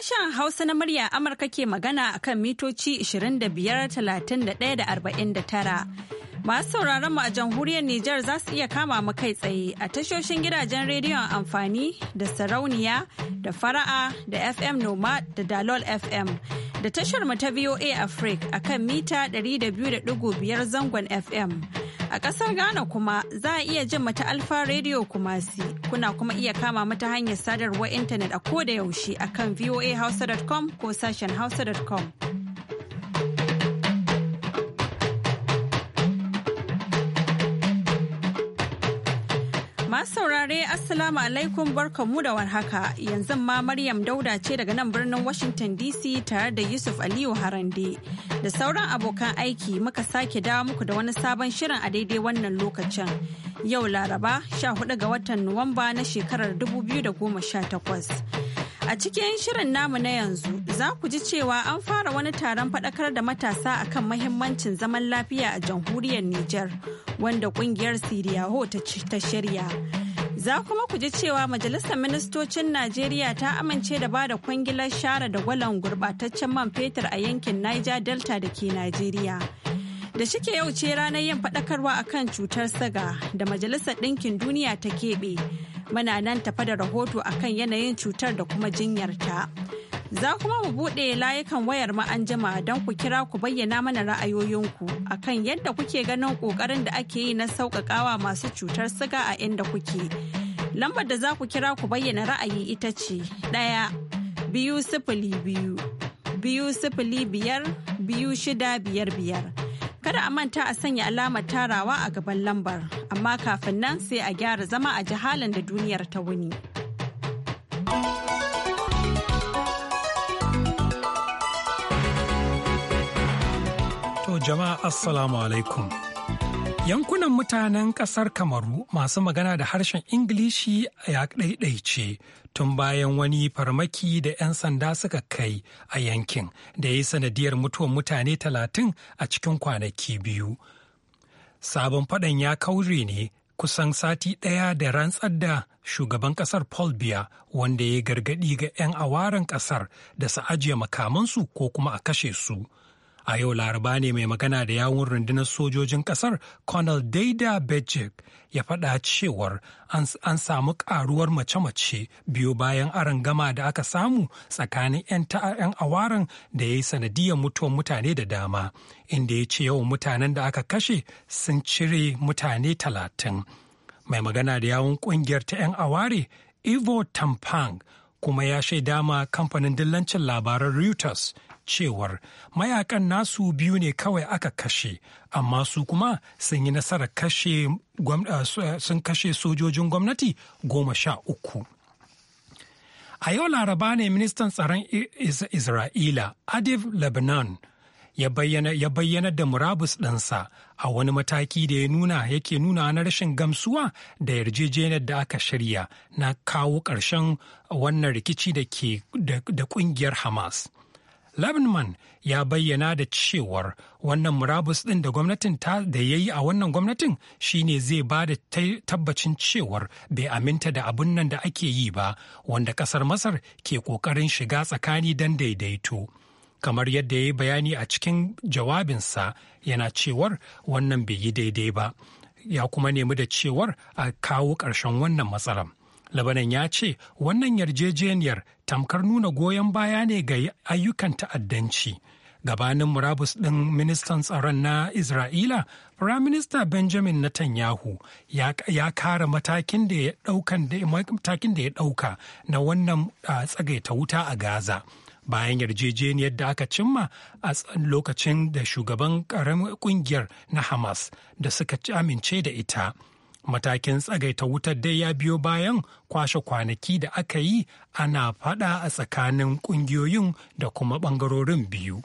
Sashen Hausa na murya Amurka ke magana akan mitoci 25, 31 da 49. Masu sauraron mu a jamhuriyar Nijar za su iya kama mu kai tsaye a tashoshin gidajen rediyon amfani da sarauniya da fara'a da FM Noma da Dalol FM da tashar mu ta VOA Africa a kan mita 200.5 zangon FM. A ƙasar Ghana kuma za a iya jin mata Alfa Radio Kumasi kuna kuma iya kama mata hanyar sadarwar intanet a koda yaushe a kan voahausa.com ko sashen hausa.com. Masu saurare Assalamu alaikum barkamu da warhaka yanzu ma Maryam Dauda ce daga nan birnin Washington DC tare da Yusuf Aliyu Harande da sauran abokan aiki muka sake dawo muku da wani sabon shirin a daidai wannan lokacin. Yau Laraba 14 ga watan Nuwamba na shekarar 2018. A cikin shirin namu na yanzu za ku ji cewa an fara wani taron faɗakar da matasa akan mahimmancin zaman lafiya a jamhuriyar Nijar wanda kungiyar Siriyaho ta shirya. Za kuma ku ji cewa Majalisar Ministocin Najeriya ta amince da ba da kwangilar share da gwalan gurbataccen man fetur a yankin Niger Delta da ke Najeriya. da shike yau ce ranar yin faɗakarwa akan cutar saga, da majalisar ɗinkin duniya ta keɓe muna nan tafa da rahoto akan yanayin cutar da kuma jinyarta Za kuma mu buɗe layukan wayar ma an don ku kira ku bayyana mana ra'ayoyinku akan yadda kuke ganin ƙoƙarin da ake yi na sauƙaƙawa masu cutar siga a inda kuke. Lambar da za ku kira ku bayyana ra'ayi ita ce ɗaya biyu sifili biyu biyu sifili biyar biyu shida biyar biyar. Kada a manta a sanya alamar tarawa a gaban lambar, amma kafin nan sai a gyara zama a jihalin da duniyar ta wuni. Jama'a Assalamu alaikum. Yankunan mutanen ƙasar Kamaru masu magana da harshen Ingilishi ya ɗaiɗaice tun bayan wani farmaki da 'yan sanda suka kai a yankin da ya yi sanadiyar mutuwar mutane talatin a cikin kwanaki biyu. Sabon faɗan ya kaure ne kusan sati ɗaya da rantsar da shugaban ƙasar Paul Biya wanda ya gargaɗi ga 'yan awaran ƙasar da su ajiye makamansu ko kuma a kashe su. A yau laraba ne mai magana da yawun rundunar sojojin kasar Colonel Daida Bejik ya faɗa cewar an samu ƙaruwar mace-mace biyu bayan aron gama da aka samu tsakanin 'yan awarin da ya yi sanadiyar mutuwar mutane da dama, inda ya ce yawan mutanen da aka kashe sun cire mutane talatin. Mai magana da yawun ƙungiyar ta 'yan aware Ivo Tampang kuma ya shaida ma kamfanin dillancin labaran Reuters cewar mayakan nasu biyu ne kawai aka kashe amma su kuma sun yi nasarar kashe eh, eh, sun kashe sojojin gwamnati goma sha uku a yau laraba ne ministan tsaron isra'ila adiv lebanon ya bayyana da murabus ɗansa a wani mataki da ya nuna yake nuna na rashin gamsuwa da yarjejeniyar da aka shirya na kawo ƙarshen wannan rikici da ke da ƙungiyar hamas Labinman ya bayyana da cewar wannan murabus ɗin da gwamnatin ta da ya yi a wannan gwamnatin shine zai ba da tabbacin cewar bai aminta da abun nan da ake yi ba wanda ƙasar Masar ke ƙoƙarin shiga tsakani don daidaito. Kamar yadda ya yi bayani a cikin jawabinsa yana cewar wannan bai yi daidai ba, ya kuma nemi da cewar a kawo ƙarshen wannan matsalar. Labanan ya ce wannan yarjejeniyar tamkar nuna goyon baya ne ga ayyukan ta'addanci. Gabanin murabus ɗin ministan tsaron na Isra'ila, Firaminista Benjamin Netanyahu ya, kara matakin da ya ɗauka na wannan tsagaita wuta a Gaza. bayan yarjejeniyar da aka cimma a lokacin da shugaban ƙaramin ƙungiyar na Hamas da suka amince da ita. Matakin tsagaita wutar dai ya biyo bayan kwashe kwanaki da aka yi ana fada a tsakanin kungiyoyin da kuma bangarorin biyu.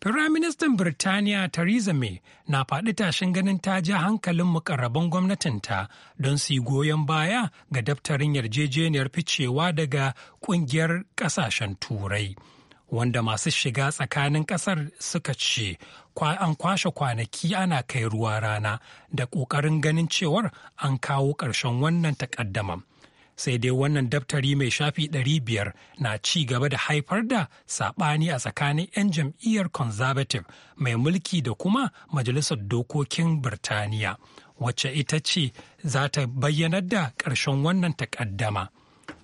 Firaministan Birtaniya Theresa May na faɗi tashin ganin ta ja hankalin mukarraban gwamnatinta don su yi goyon baya ga daftarin yarjejeniyar ficewa daga ƙungiyar ƙasashen Turai. wanda masu shiga tsakanin kasar suka ce an kwashe kwanaki ana kai ruwa rana da ƙoƙarin ganin cewar an kawo ƙarshen wannan takaddama. sai dai wannan daftari mai shafi ɗari biyar na ci gaba da haifar da saɓani a tsakanin 'yan jam'iyyar conservative mai mulki da kuma majalisar dokokin birtaniya wacce ita ce za ta bayyanar da ƙarshen wannan takaddama.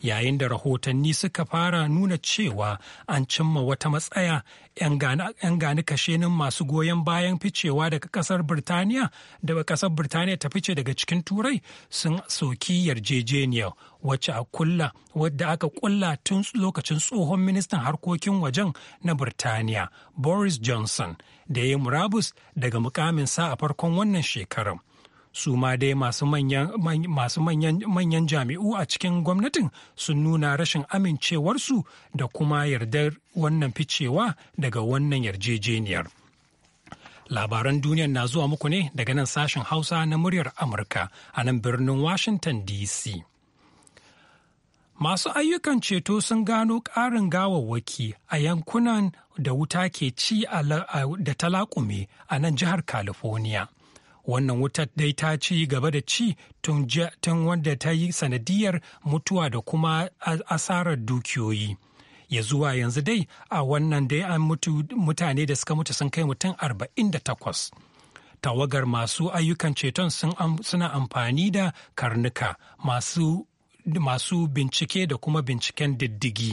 yayin da rahotanni suka fara nuna cewa an cimma wata matsaya 'yan gani kashenin masu goyon bayan ficewa daga kasar birtaniya da kasar birtaniya ta fice daga cikin turai sun soki yarjejeniya wacce a kulla wadda aka kulla tun lokacin tsohon ministan harkokin wajen na birtaniya boris johnson da ya yi murabus daga mukamin sa a farkon wannan shekarar su ma dai masu manyan jami'u a cikin gwamnatin sun nuna rashin amincewarsu da kuma yardar wannan ficewa daga wannan yarjejeniyar labaran duniyar na zuwa muku ne daga nan sashen hausa na muryar amurka a nan birnin washington dc masu ayyukan ceto sun gano ƙarin gawawwaki a yankunan da wuta ke ci da talakume a nan jihar california wannan wutar dai ta ci gaba da ci tun wanda ta yi sanadiyar mutuwa da kuma asarar dukiyoyi ya zuwa yanzu dai a wannan dai an mutu mutane da suka mutu sun kai mutum arba'in da takwas. tawagar masu ayyukan ceton suna amfani da karnuka masu bincike da kuma binciken diddigi.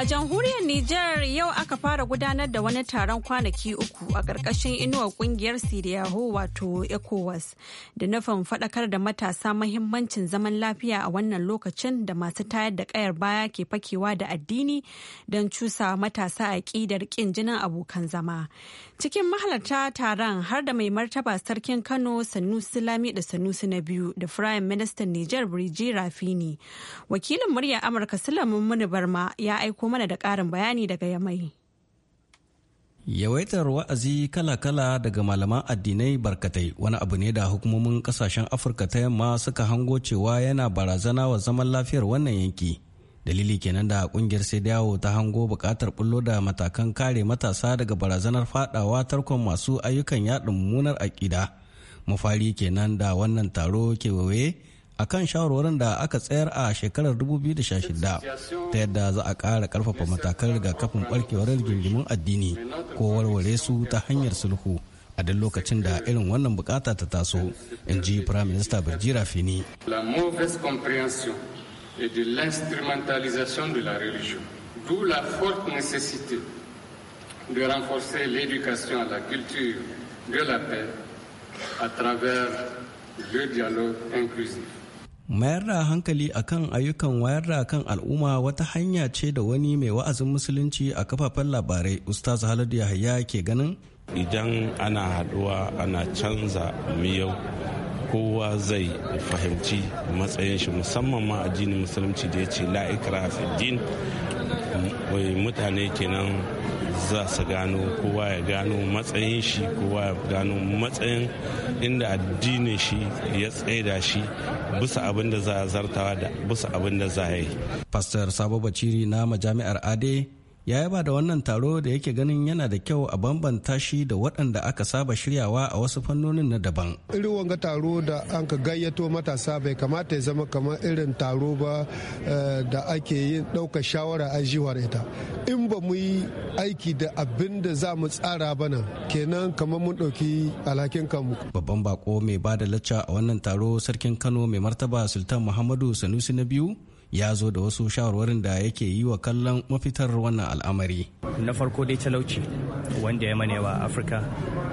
A jamhuriyar Nijar yau aka fara gudanar da wani taron kwanaki uku a ƙarƙashin inuwar ƙungiyar Siriyaho wato ECOWAS da nufin faɗakar da matasa mahimmancin zaman lafiya a wannan lokacin da masu tayar da ƙayar baya ke fakewa da addini don cusa matasa a ƙidar ƙin jinin abokan zama. Cikin mahalarta taron har da mai martaba sarkin Kano Sanusi Lami da Sanusi na biyu da Firayim Ministan Nijar Birji Rafini. Wakilin murya Amurka Sulaiman Munibarma ya aiko mana da ƙarin bayani daga Yamai. Yawaitar wa'azi kala-kala daga malaman addinai barkatai wani abu ne da hukumomin kasashen Afirka ta yamma suka hango cewa yana barazana wa zaman lafiyar wannan yanki. Dalili kenan da kungiyar sai yawo ta hango bukatar bullo da matakan kare matasa daga barazanar fadawa tarkon masu ayyukan yaɗin munar aƙida. Mafari kenan da wannan taro kewaye a kan shawarwarin da aka tsayar a shekarar 2016 ta yadda za a ƙara ƙarfafa matakan rigakafin ɓarkewar rigingimun addini ko warware su ta hanyar sulhu a duk lokacin da irin wannan bukata ta taso in ji prime minister birjira fini la mauvaise compréhension et de l'instrumentalisation de la religion la forte nécessité de renforcer l'éducation à la culture de la paix à travers le dialogue inclusif mayar da hankali akan ayyukan wayar da kan al'umma wata hanya ce da wani mai wa'azin musulunci a kafafen labarai ustaz haladu yahaya ke ganin idan ana haɗuwa ana canza miyau kowa zai fahimci matsayin shi musamman ma addinin musulunci da ya ce la'ikra din mutane kenan za su gano kowa ya gano matsayin shi kowa ya gano matsayin inda addinin shi ya tsaida shi bisa abin da za a zartawa da bisa abin da za a yi. Pastor Sabo Baciri na majami'ar Ade ya yaba da wannan taro da yake ganin yana da kyau a bambanta shi da waɗanda aka saba shiryawa a wasu fannonin na daban. Irin wanga taro da an ka gayyato matasa bai kamata ya zama kamar irin taro ba eh, da ake yi ɗaukar shawara a jiwar ita. In ba mu yi aiki da abin da za mu tsara bana kenan kamar mun ɗauki alhakin kanmu. Babban bako mai bada lacca a wannan taro sarkin Kano mai martaba Sultan Muhammadu Sanusi na biyu ya zo da wasu shawarwarin da yake yi wa kallon mafitar wannan al'amari. Na farko dai talauci wanda ya manewa Afirka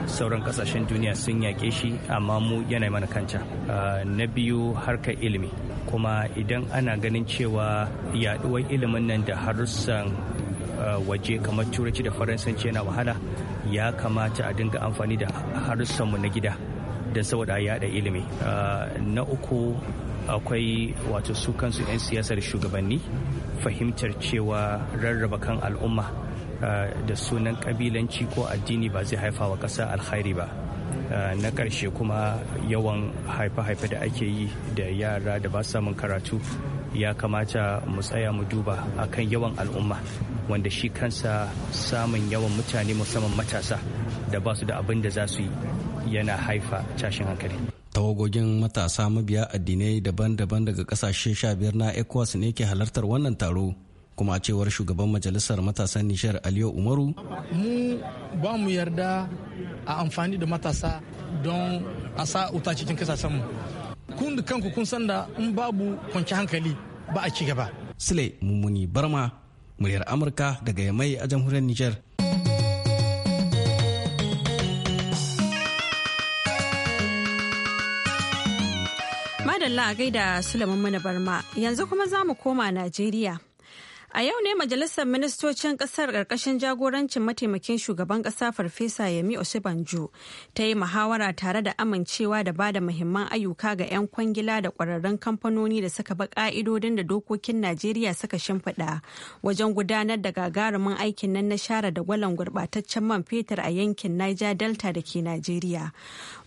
sauran kasashen duniya sun yaƙe shi amma mu yana mana kanta. Ah, na biyu harkar ilimi kuma idan ana ganin cewa yaɗuwar ilimin nan da harussan ah, waje kamar turanci da faransanci yana wahala ya kamata a dinga amfani da harsanmu na gida da saboda yaɗa ilimi. Ah, na uku akwai wato su kansu 'yan siyasar shugabanni fahimtar cewa rarraba kan al'umma ah, da sunan kabilanci ko addini ba zai haifa wa ƙasa alkhairi ba ah, na ƙarshe kuma yawan haife-haife da ake yi da yara da ba samun karatu ya kamata mu tsaya mu duba a kan yawan al'umma wanda shi kansa samun yawan mutane musamman matasa da ba su da abin da za su yi yana haifa tashin hankali tawagogin matasa mabiya addinai daban-daban daga kasashe 15 na ecowas ne ke halartar wannan taro kuma a cewar shugaban majalisar matasan nishar aliyu umaru mu ba mu yarda a amfani da matasa don a sa wuta cikin mu. kun da kanku kun san da in babu kwanci hankali ba a ci gaba sule mummuni barma muryar amurka daga yamai a jamhuriyar nijar Allah a gaida Sulaiman Mana Barma yanzu kuma za mu koma Najeriya A yau ne Majalisar Ministocin Ƙasar ƙarƙashin jagorancin mataimakin shugaban ƙasa Farfesa Yemi Osibanju ta yi muhawara tare da amincewa da bada muhimman ayyuka ga 'yan kwangila da ƙwararrun kamfanoni da suka bi ƙa'idodin da dokokin Najeriya suka shimfiɗa wajen gudanar da gagarumin aikin nan na share da gwalan gurɓataccen man fetur a yankin Niger Delta da ke Najeriya.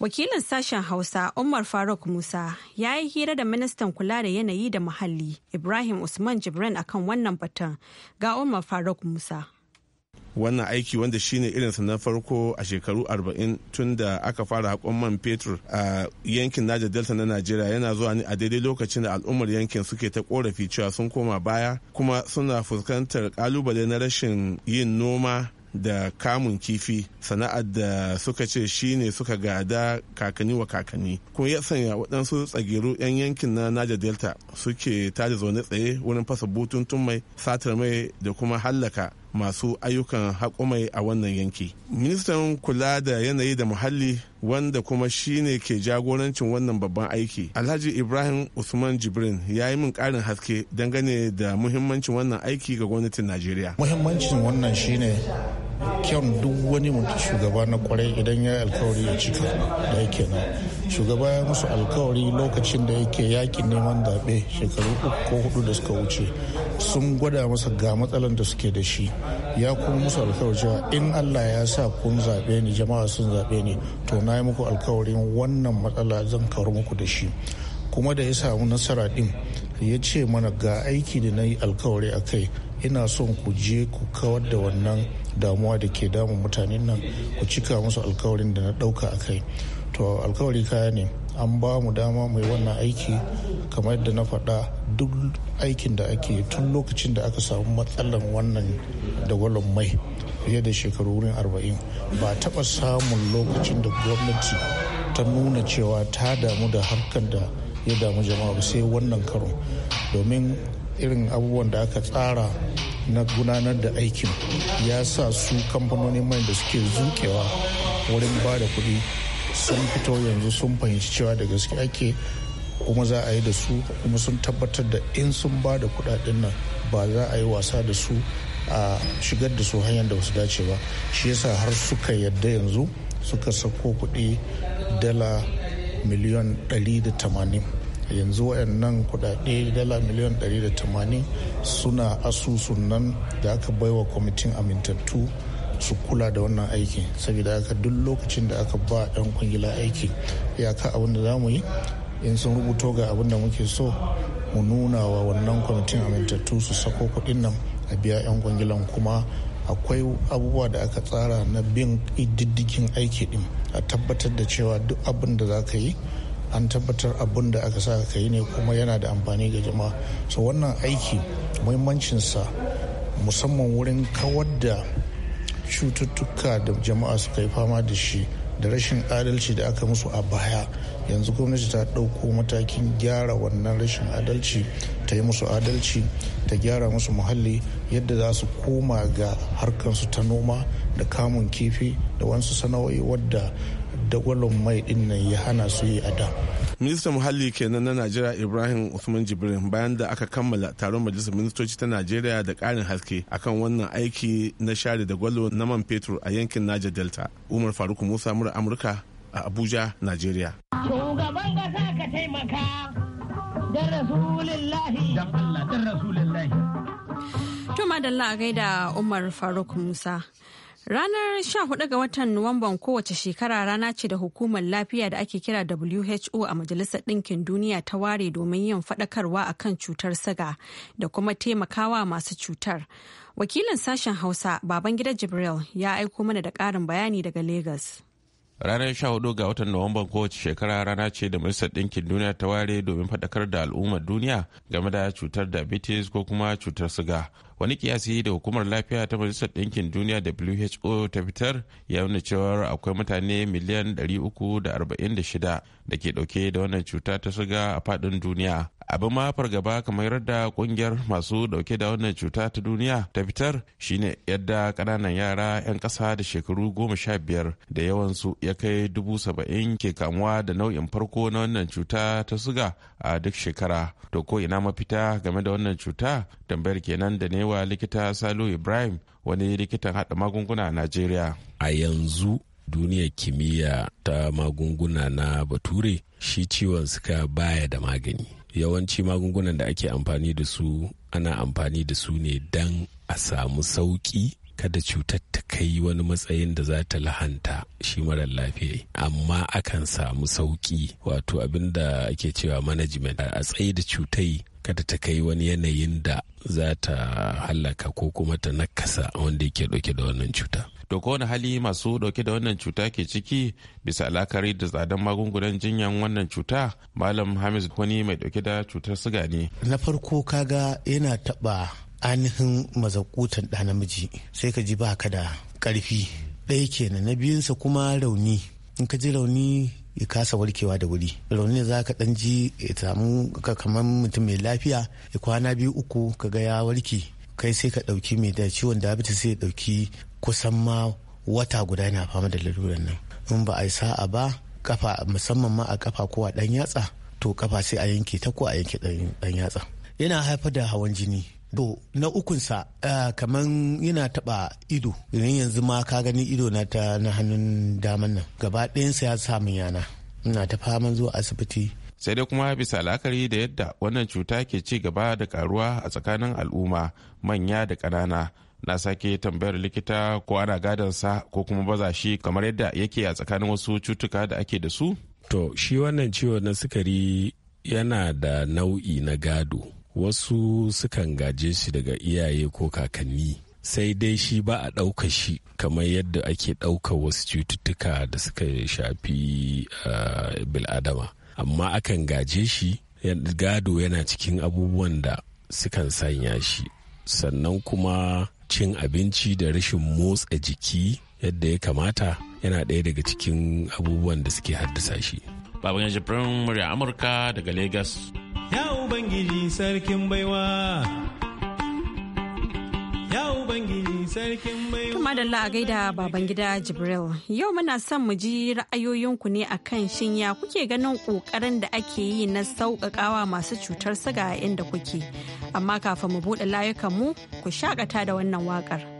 Wakilin sashen Hausa Umar Faruk Musa ya yi hira da ministan kula da yanayi da muhalli Ibrahim Usman Jibrin akan wannan batun. watan ga Umar Faruk Musa. wannan aiki wanda shine irinsa na farko a shekaru 40 tun da aka fara haƙon man fetur a yankin naja delta na najeriya yana zuwa ne a daidai lokacin da al'ummar yankin suke ta korafi cewa sun koma baya kuma suna fuskantar ƙalubale na rashin yin noma da kamun kifi sana'ar da suka ce shi ne suka gada kakanni wa kakanni kuma ya sanya waɗansu tsagiru 'yan yankin na naja delta suke tada zaune tsaye wurin fasa butun mai satar mai da kuma hallaka masu ayyukan haƙumai a wannan yanki ministan kula da yanayi da muhalli wanda kuma shine ke jagorancin wannan babban aiki alhaji ibrahim usman jibrin ya yi min ƙarin haske dangane da muhimmancin wannan aiki ga gwamnatin najeriya muhimmancin wannan shine kyan duk wani mutum shugaba na kwarai idan ya yi alkawari ya cika da yake nan shugaba ya musu alkawari lokacin da yake yakin neman zaɓe shekaru uku ko hudu da suka wuce sun gwada masa ga matsalar da suke da shi ya kuma musu alkawari cewa in allah ya sa kun zaɓe ni jama'a sun zaɓe ni to na yi muku alkawari wannan matsala zan karu muku da shi kuma da ya samu nasara din ya ce mana ga aiki da na yi alkawari a kai ina son ku je ku kawar da wannan damuwa da ke damun mutanen nan ku cika musu alkawarin da na ɗauka a kai to alkawari kaya ne an ba mu dama mai wannan aiki kamar yadda na faɗa duk aikin da ake tun lokacin da aka samu matsalan wannan dagwalon mai fiye da shekaru wurin arba'in ba taɓa samun lokacin da gwamnati ta nuna cewa ta damu da harkar da ya damu jama'a ba sai wannan karo domin irin abubuwan da aka tsara na gudanar da aikin ya sa su kamfanoni mai da suke zukewa wurin ba da kuɗi sun fito yanzu sun fahimci cewa da gaske ake kuma za a yi da su kuma sun tabbatar da in sun ba da kudaden nan ba za a yi wasa da su a shigar da su hanyar da basu dace ba shi yasa har suka yadda yanzu suka sako kuɗi dala miliyan 180 yanzu wayannan kudade dala miliyan 180 suna asusun nan da aka baiwa kwamitin amintattu su kula da wannan aiki saboda aka duk lokacin da aka ba 'yan kwangila aiki iyaka abin da za mu yi in sun rubuto ga abin da muke so mu nuna wa wannan kwamitin amintattu su sako kudin nan a biya 'yan kwangilan kuma akwai abubuwa da aka tsara na bin diddigin aiki din a tabbatar da cewa duk abin da za ka yi an tabbatar abun da aka sa ka yi ne kuma yana da amfani ga jama'a so wannan aiki muhimmancinsa musamman wurin kawar da cututtuka da jama'a suka yi fama da shi da rashin adalci da aka musu a baya yanzu gwamnati ta ɗauko matakin gyara wannan rashin adalci ta yi musu adalci ta gyara musu muhalli yadda za su koma ga harkansu ta noma da kamun kifi da wasu sana'o'i wadda dagwalon mai din nan ya hana su yi a da. ministan muhalli kenan na najeriya ibrahim usman jibrin bayan da aka kammala taron majalisar ministoci ta najeriya da karin haske akan wannan aiki na share dagwalo na man fetur a yankin niger delta umar faruk musa mura amurka a abuja najeriya shugaban kasa ka taimaka da da allah a gaida umar faruk musa Ranar 14 ga watan Nuwamban kowace shekara rana ce da hukumar lafiya da ake kira WHO a Majalisar Ɗinkin Duniya ta ware domin yin faɗakarwa a kan cutar saga da kuma taimakawa masu cutar. Wakilin sashen Hausa, baban gida Jibril, ya aiko mana da ƙarin bayani daga Legas. ranar 14 ga watan nuwamban kowace shekara rana ce da majalisar ɗinkin duniya ta ware domin faɗakar da al'ummar duniya game da cutar diabetes ko kuma cutar siga wani kiyasi da hukumar lafiya ta majalisar ɗinkin duniya who ta fitar ya nuna cewa akwai mutane miliyan 346 da ke ɗauke da wannan cuta ta shiga a faɗin duniya abin ma fargaba kamar yadda kungiyar masu dauke da wannan cuta ta duniya ta fitar shine yadda kananan yara 'yan ƙasa da shekaru goma sha biyar da yawansu ya kai dubu saba'in ke kamuwa da nau'in farko na wannan cuta ta suga a duk shekara to ko ina mafita game da wannan cuta tambayar kenan da ne wa likita salo ibrahim wani likitan hada magunguna a najeriya a yanzu duniyar kimiyya ta magunguna na bature shi ciwon suka baya da magani yawanci magungunan da ake amfani da su ana amfani da su ne don a samu sauki kada cutar ta kai wani matsayin da za ta lahanta shi marar lafiya amma akan samu sauki wato abin da ake cewa management a tsaye da cutai kada ta kai wani yanayin da za ta hallaka ko kuma ta nakasa wanda yake dauke da wannan cuta to ko wani hali masu dauke da wannan cuta ke ciki bisa alakari da tsadan magungunan jinyan wannan cuta malam hamis wani mai dauke da cutar siga ne na farko kaga yana taba ainihin mazakutan da namiji sai ka ji ba ka da karfi ɗaya kenan na biyunsa kuma rauni in ka ji rauni ya kasa warkewa da wuri ne za ka dan ji ya samu kamar mutum mai lafiya ya kwana biyu uku ka ga ya warke kai sai ka dauki mai da ciwon diabetes sai ya dauki kusan ma wata guda yana fama da laluran nan in ba a yi sa'a ba kafa musamman ma a kafa ko a dan yatsa to kafa sai a yanke ta ko a yanke dan yatsa yana haifar da hawan jini to na ukunsa uh, eh, kamar yana taba ido idan yanzu ma ka gani ido na ta na hannun daman nan gaba ɗayansa ya sa min yana ina ta faman zuwa asibiti sai dai kuma bisa la'akari da yadda wannan cuta ke ci gaba da karuwa a tsakanin al'umma manya da ƙanana na sake tambayar likita ko ana sa ko kuma baza shi kamar yadda yake a tsakanin wasu cutuka da ake da su to shi wannan ciwo na sukari yana da nau'i na gado wasu sukan gaje shi daga iyaye ko kakanni sai dai shi ba a ɗauka shi kamar yadda ake ɗauka wasu cututtuka da suka shafi eh, bil'adama amma akan gaje shi gado yana cikin abubuwan da sukan sanya shi sannan kuma cin abinci da rashin motsa jiki yadda ya kamata yana ɗaya daga cikin abubuwan da suke haddasa shi. Babban Jibrin murya Amurka daga Legas. ya ubangiji sarkin baiwa ya ubangiji sarkin baiwa kuma da a gaida baban gida jibril yau muna son mu ji ra'ayoyinku ne akan shinya shinya kuke ganin ƙoƙarin da ake yi na sauƙaƙawa masu cutar siga inda kuke amma kafin mu buɗe layukanmu ku shaƙata da wannan waƙar.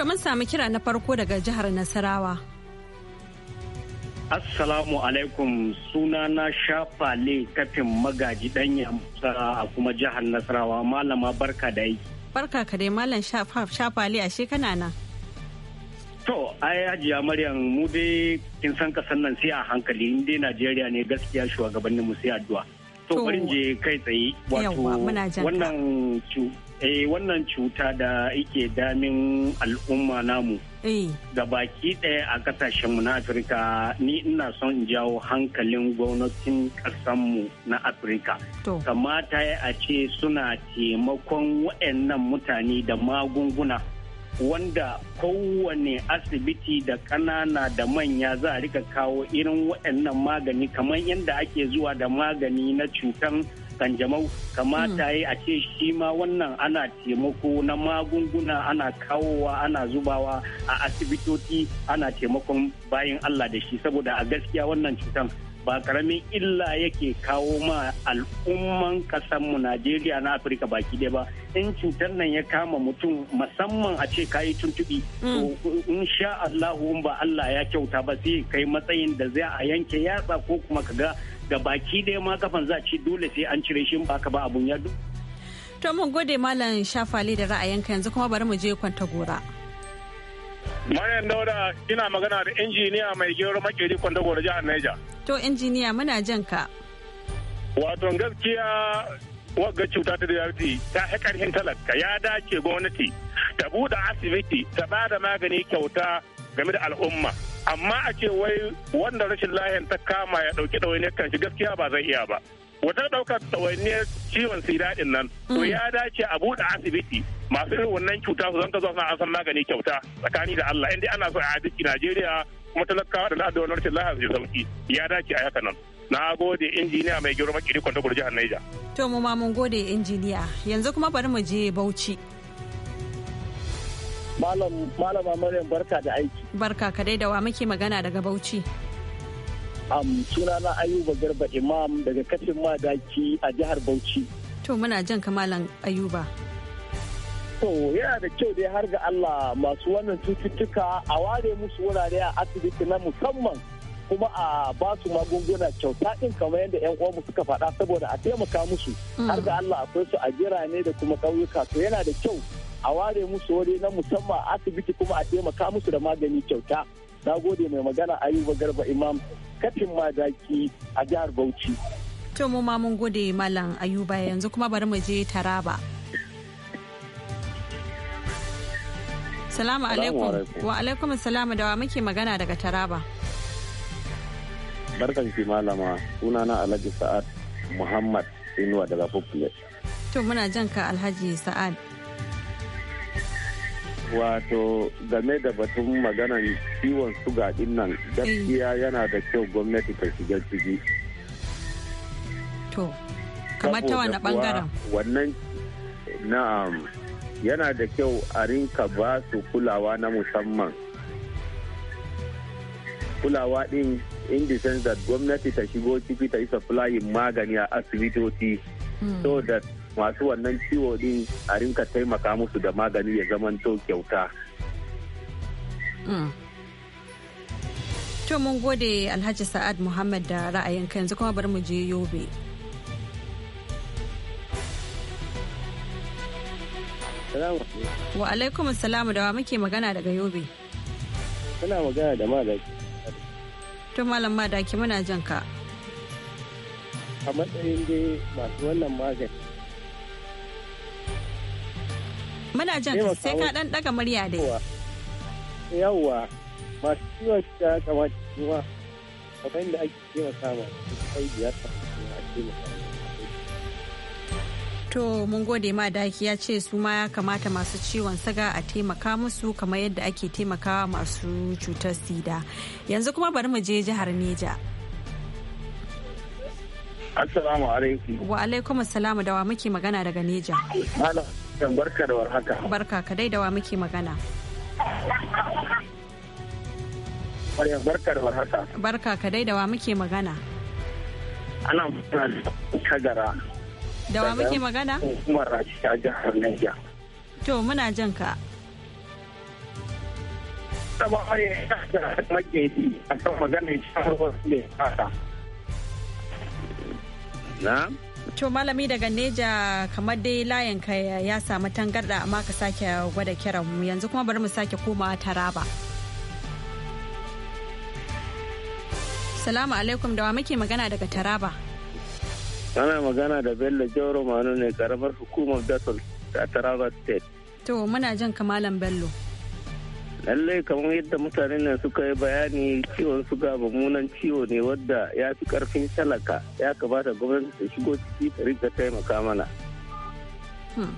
To mun samu kira na farko daga jihar Nasarawa. Assalamu alaikum suna na shafale kafin magaji danya a kuma jihar Nasarawa malama barka da yi. Barka ka dai malam shafale a shekana na. To, ai hajiya Maryam mu dai kin san kasan nan sai a hankali inda dai Najeriya ne gaskiya shugabannin mu sai addu'a. to barin je kai tsaye wato wannan eh wannan cuta da yake damin al'umma namu eh. ga baki ɗaya a kasashen mu na afirka ni ina son in jawo hankalin gwamnatin mu na afirka kamata a ce suna taimakon waɗannan mutane da magunguna wanda kowane asibiti da ƙanana da manya za a rika kawo irin waɗannan magani kamar yadda ake zuwa da magani na cutan kanjamau kamata mm. ya a ce shi ma wannan ana taimako na magunguna ana kawowa ana zubawa a asibitoci ana taimakon bayan Allah da shi saboda a gaskiya wannan cutan ba karamin illa yake kawo ma al'umman mu najeriya na afirka baki ɗaya ba in cutar nan ya kama mutum musamman a ce kayi tuntuɓi mm. in sha allahu in ba allah ya kyauta ba sai kai matsayin da zai a yanke yatsa ko kuma kaga ga baki ɗaya ma kafan za ci dole sai an cire shi ba ka ba abun ya to mun gode malam shafali da ra'ayinka yanzu kuma bari mu je kwanta gora. Maryam Dauda ina magana da injiniya mai gero makeri kwandago da jihar Niger. To injiniya muna jan ka. Wato gaskiya wagga cuta ta DRT ta fi karhin talaka ya dace gwamnati ta buɗe asibiti ta ba da magani kyauta game da al'umma. Amma a ce wai wanda rashin lahiyan ta kama ya ɗauki ne kan shi gaskiya ba zai iya ba. wata ɗaukar tsawaniyar ciwon sida daɗin nan to mm. ya dace a buɗe asibiti masu irin wannan cuta su zanta zuwa a san magani kyauta tsakani da Allah inda ana so a adiki Najeriya kuma talakawa da la'adar wani rashin lahar sauki ya dace a haka nan. Na gode injiniya mai girma kiri kwanta gurji jihar Naija. To mu ma mun gode injiniya yanzu kuma bari mu je Bauchi. Malam Malama Maryam barka da aiki. Barka kadai da wa muke magana daga Bauchi. Um, na Ayuba Garba Imam daga Katin Madaki a jihar Bauchi. To muna jan kamalan Ayuba. To yana da kyau dai har ga Allah masu wannan cututtuka a ware musu wurare a asibiti na musamman kuma a ba su magunguna kyauta in kamar yadda yan uwanmu suka faɗa saboda a taimaka musu mm. har ga Allah akwai su a jira ne da kuma ƙauyuka to yana da kyau a ware musu wuri na musamman a asibiti kuma a taimaka musu da magani kyauta na gode mai magana ayuba garba imam kafin mazaki a jihar Bauchi. To mu ma mun gode Malam Ayuba yanzu kuma bari mu je Taraba. Salamu alaikum. Wa alaikum salamu da wa muke magana daga Taraba. Barkan ki malama sunana Alhaji Sa'ad Muhammad Inuwa daga Fukuye. To muna jan ka Alhaji Sa'ad. wato game da batun maganan ciwon suga din nan eh. gaskiya yana da kyau gwamnati ta shiga ciki to kamar ta wani bangaren wannan na'am yana da kyau a rinka ba su kulawa na musamman kulawa din in the sense that gwamnati ta shigo ciki ta yi supplying magani a asibitoci hmm. so that masu wannan ciwo din a rinka taimaka musu da magani ya to kyauta. Mm. To mun gode Alhaji Sa'ad Muhammad da ra'ayinka yanzu kuma bari mu je Yobe. Wa alaikum salamu da wa muke magana daga Yobe. Kana magana da malaki. To malam madaki muna jin ka. A matsayin dai masu wannan magani Muna jan sai ka dan daga murya dai. Yawwa masu ciwon ta kamata kuma kamar da ake taimaka sama sai biyar a taimaka. To mun gode ma daki ya ce su ma ya kamata masu ciwon saga a taimaka musu kamar yadda ake taimakawa masu cutar sida. Yanzu kuma bari mu je jihar Neja. Assalamu alaikum. Wa alaikum assalamu da wa muke magana daga Neja. Malam. Yan barka da warhaka. Barka ka dai dawa muke magana. barka da warhaka. Barka ka dai dawa muke magana. Ana magana kagara. Dawa muke magana? Umar Rashi a jihar Niger. To muna jan ka. Saba ya da yi a kan magana maganar shahararwar da ya fata. Na? to malami daga neja kamar dai layin ka ya samu tangarda amma ka sake gwada kiran mu yanzu kuma bari mu sake komawa taraba salamu alaikum da wa muke magana daga taraba ana magana da bello jauro ma ne karamar hukumar gasol ta taraba state to muna jin kamalan bello lallai kamar yadda mutanen nan suka yi bayani ciwon suga mummunan ciwo ne wadda ya fi karfin talaka ya kamata gwamnati ta shigo ciki ta rika taimaka mana hmm.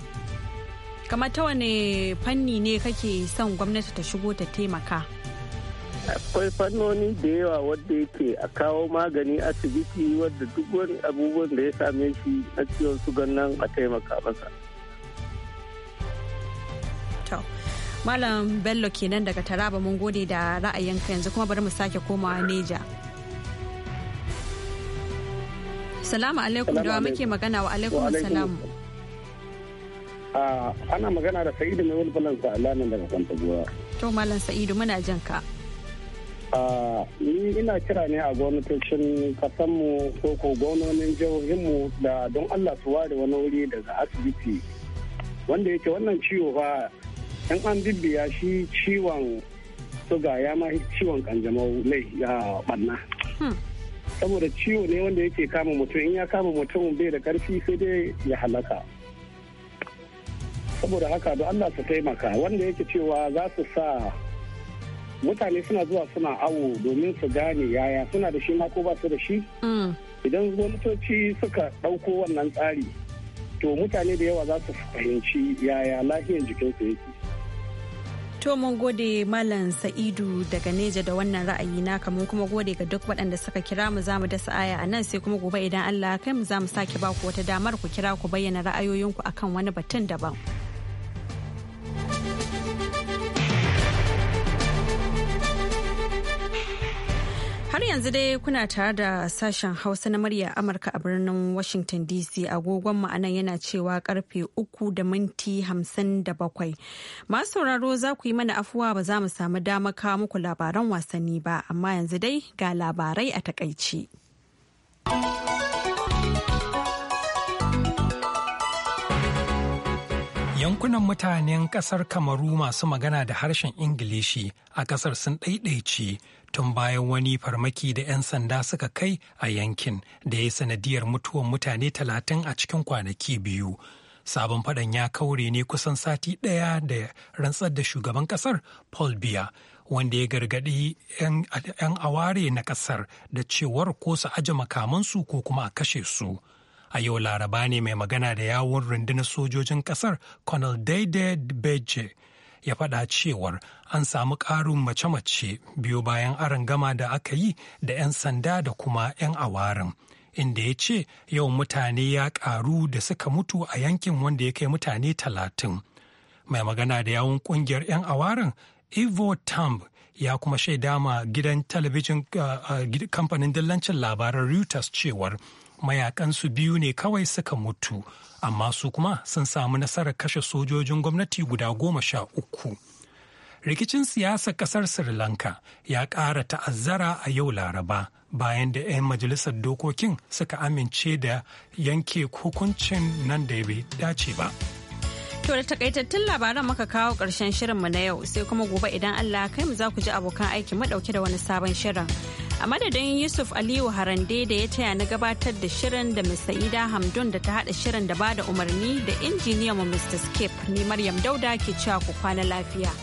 kamar ta wane fanni ne kake son gwamnati ta shigo ta taimaka akwai fannoni da yawa wadda yake a kawo magani asibiti wadda duk wani abubuwan da ya same shi na ciwon sugan nan a taimaka masa Malam Bello kenan daga Taraba mun gode da ra'ayinka yanzu kuma bari mu sake komawa Neja. Salamu alaikum da muke magana wa alaikum salamu. Ah, ana magana da Sa'idu mai wulfulan sa'alanin daga Kwantaguwa. To Malam Sa'idu muna jin ka. Ah, ni ina kira ne a gwamnatocin kasanmu ko ko gwamnonin jihohinmu da don Allah su ware wani wuri daga asibiti wanda yake wannan ciwo fa in an bibbiya shi ciwon suga ya ma ciwon kanjamau lai ya banna hmm. saboda ciwo ne wanda yake kama mutum in ya kama mutum bai da karfi sai dai ya halaka saboda haka da Allah su taimaka wanda yake cewa za su sa mutane suna zuwa suna awo domin su gane yaya suna da shi ma ko ba su da shi hmm. idan gwamnatoci suka ɗauko wannan tsari to mutane da yawa za su fahimci yaya lafiyar jikinsu yake To mun gode Malam Sa'idu daga Neja da wannan ra'ayi naka mun kuma gode ga duk waɗanda suka kira mu za mu dasa aya a nan sai kuma gobe idan Allah kai mu za zamu sake baku wata damar ku kira ku bayyana ra'ayoyinku akan wani batun daban. yanzu dai kuna tare da sashen Hausa na murya Amurka a birnin Washington DC agogon ma'anan yana cewa karfe uku da minti hamsin da bakwai. Masu sauraro za ku yi mana afuwa ba za mu samu dama kawo muku labaran wasanni ba, amma yanzu dai ga labarai a takaici. Yankunan mutanen ƙasar Kamaru masu magana da harshen Ingilishi a ƙasar sun ɗaiɗaici tun bayan wani farmaki da 'yan sanda suka kai a yankin da ya sanadiyar mutuwar mutane talatin a cikin kwanaki biyu. Sabon faɗan ya kaure ne kusan sati ɗaya da rantsar da shugaban ƙasar Paul Biya. wanda ya gargaɗi 'yan aware na ƙasar da cewar ko su aje makamansu ko kuma a kashe su. A yau laraba ne mai magana da yawon rundunar sojojin kasar Colonel Daidai Beje ya faɗa cewar an samu ƙarin mace-mace biyu bayan aron gama da aka yi da 'yan sanda da kuma 'yan awarin. inda ya ce yau mutane ya ƙaru da suka mutu a yankin wanda ya kai mutane talatin. Mai magana da yawun ƙungiyar 'yan awarin Ivo Tamb ya kuma shaida ma gidan talabijin uh, uh, kamfanin dillancin labaran Reuters cewar mayakansu biyu ne kawai suka mutu amma su kuma sun samu nasarar kashe sojojin gwamnati guda goma sha uku rikicin siyasar kasar sri lanka ya ƙara ta'azzara a yau laraba bayan da 'yan majalisar dokokin suka amince da yanke hukuncin nan da bai dace ba To da takaitattun labaran muka kawo ƙarshen mu na yau sai kuma gobe idan Allah kai mu za ku ji abokan aiki mu dauke da wani sabon shirin. a madadin yusuf aliyu harande da ya taya na gabatar da shirin da mr ida hamdun da ta hada shirin da ba da umarni da injiniyan mu mr skip ne maryam dauda ke cewa ku kwana lafiya.